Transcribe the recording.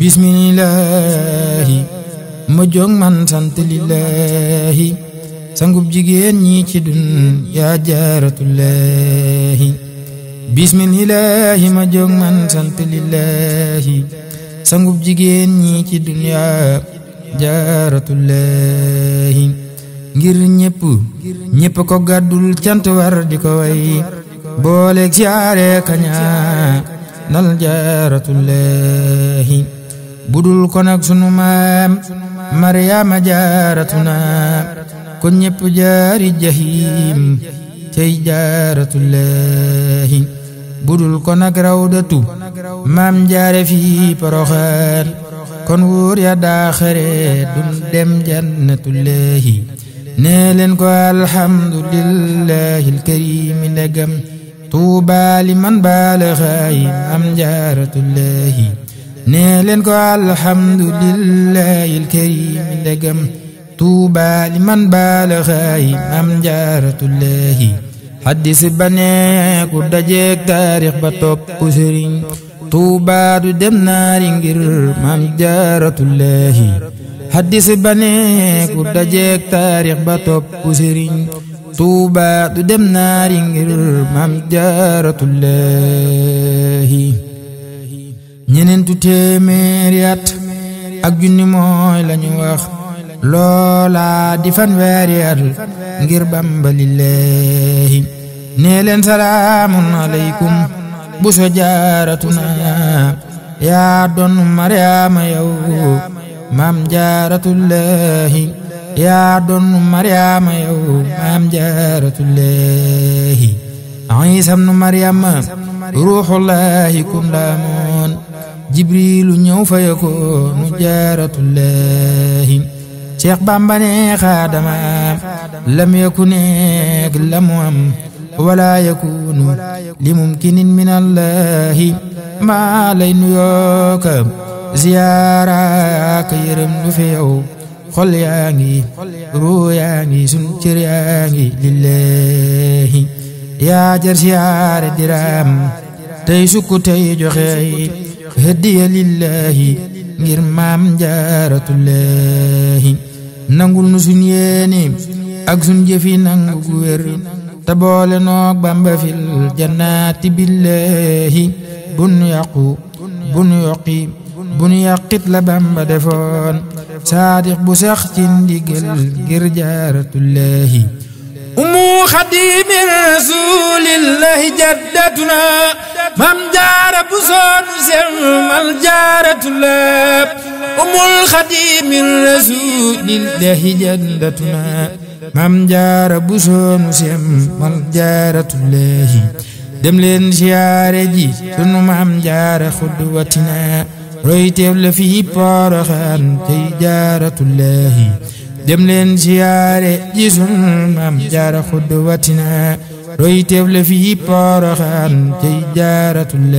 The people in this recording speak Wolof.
bismillaahi ma jóg man sant lillaahi sangub jigéen ñi ci dun yaa jaaratullaahi bismillaahi ma jóg man sant lillaahi sangub jigéen ñii ci dun yaa jaaratullaahi ngir ñépp ñépp ko gàddul cant war di ko way booleeg siyaare nal jaaratullaahi budul ko nag sunu maam maryaama jaaratuna kon ñépp jaari jahim tey jaaratullaahi budul ko nag rawdatu maam jaare fi poroxaan kon wóor ya daaxare dun dem jannatullaahi nee leen ko alhamdulillahi alkarimi ndegam tuuba li man baalaxaayi am jaaratullaahi nee leen ko alhamdulillahi alkarim ndegam tuuba li man baalaxaayi am jaaratullaahi xaddis ba nee ku dajeek taarix ba topp sëriñ tuuba du dem naari ngir maam jaaratullaahi xaddis ba nee ku dajeek taarix ba topp sëriñ tuuba du dem naari ngir maam jaaratullaahi ñeneentu téeméeri at ak junni mooy lañu wax loola di fanweeri at ngir bamba lillaahi nee leen salaamun bu so jaaratuna yaa doon mariama yow maam jaaratullaahi yaa doon maryaama yow maam jaaratullaahi iisam nu maryaama ruuxullaahi kun laamoon jibriilu ñëw fa yakoonu jaaratullaahi cheikh bamba ne xaadama lam yakuneek lamu am wala yakunu li mumkinin min allahi maa lay nuyooka ziyaaraaka yërëm du fi yow xol yaa ngi ruu yaa ngi sun cër yaa ngi lillahi yaa jar siyaare diraam tey sukk tey joxe hëddiya lillahi ngir maam jaaratullahi nangul nu sun yéene ak sun jëfi nangu gu wér te boole noog bamba fil jannaati bun yaqu bun yoqi bu nu yàqit la bamba defoon saadix bu sax ci ndigal ngir jaaratullahi umu xadimi rasulillahi jaddatuna mam jaara bu soonu selmal jaaratullahi umul xadimi rasulillahi jaddatuna mam jaara bu soonu selmal jaaratullahi dem leen siyaare ji sunu mam jaara xudwatina royteef la fii poroxaan tey jaaratullahi dem leen ziyaare ji sunu maam jaara xudwatina royteef la fii poroxaan tey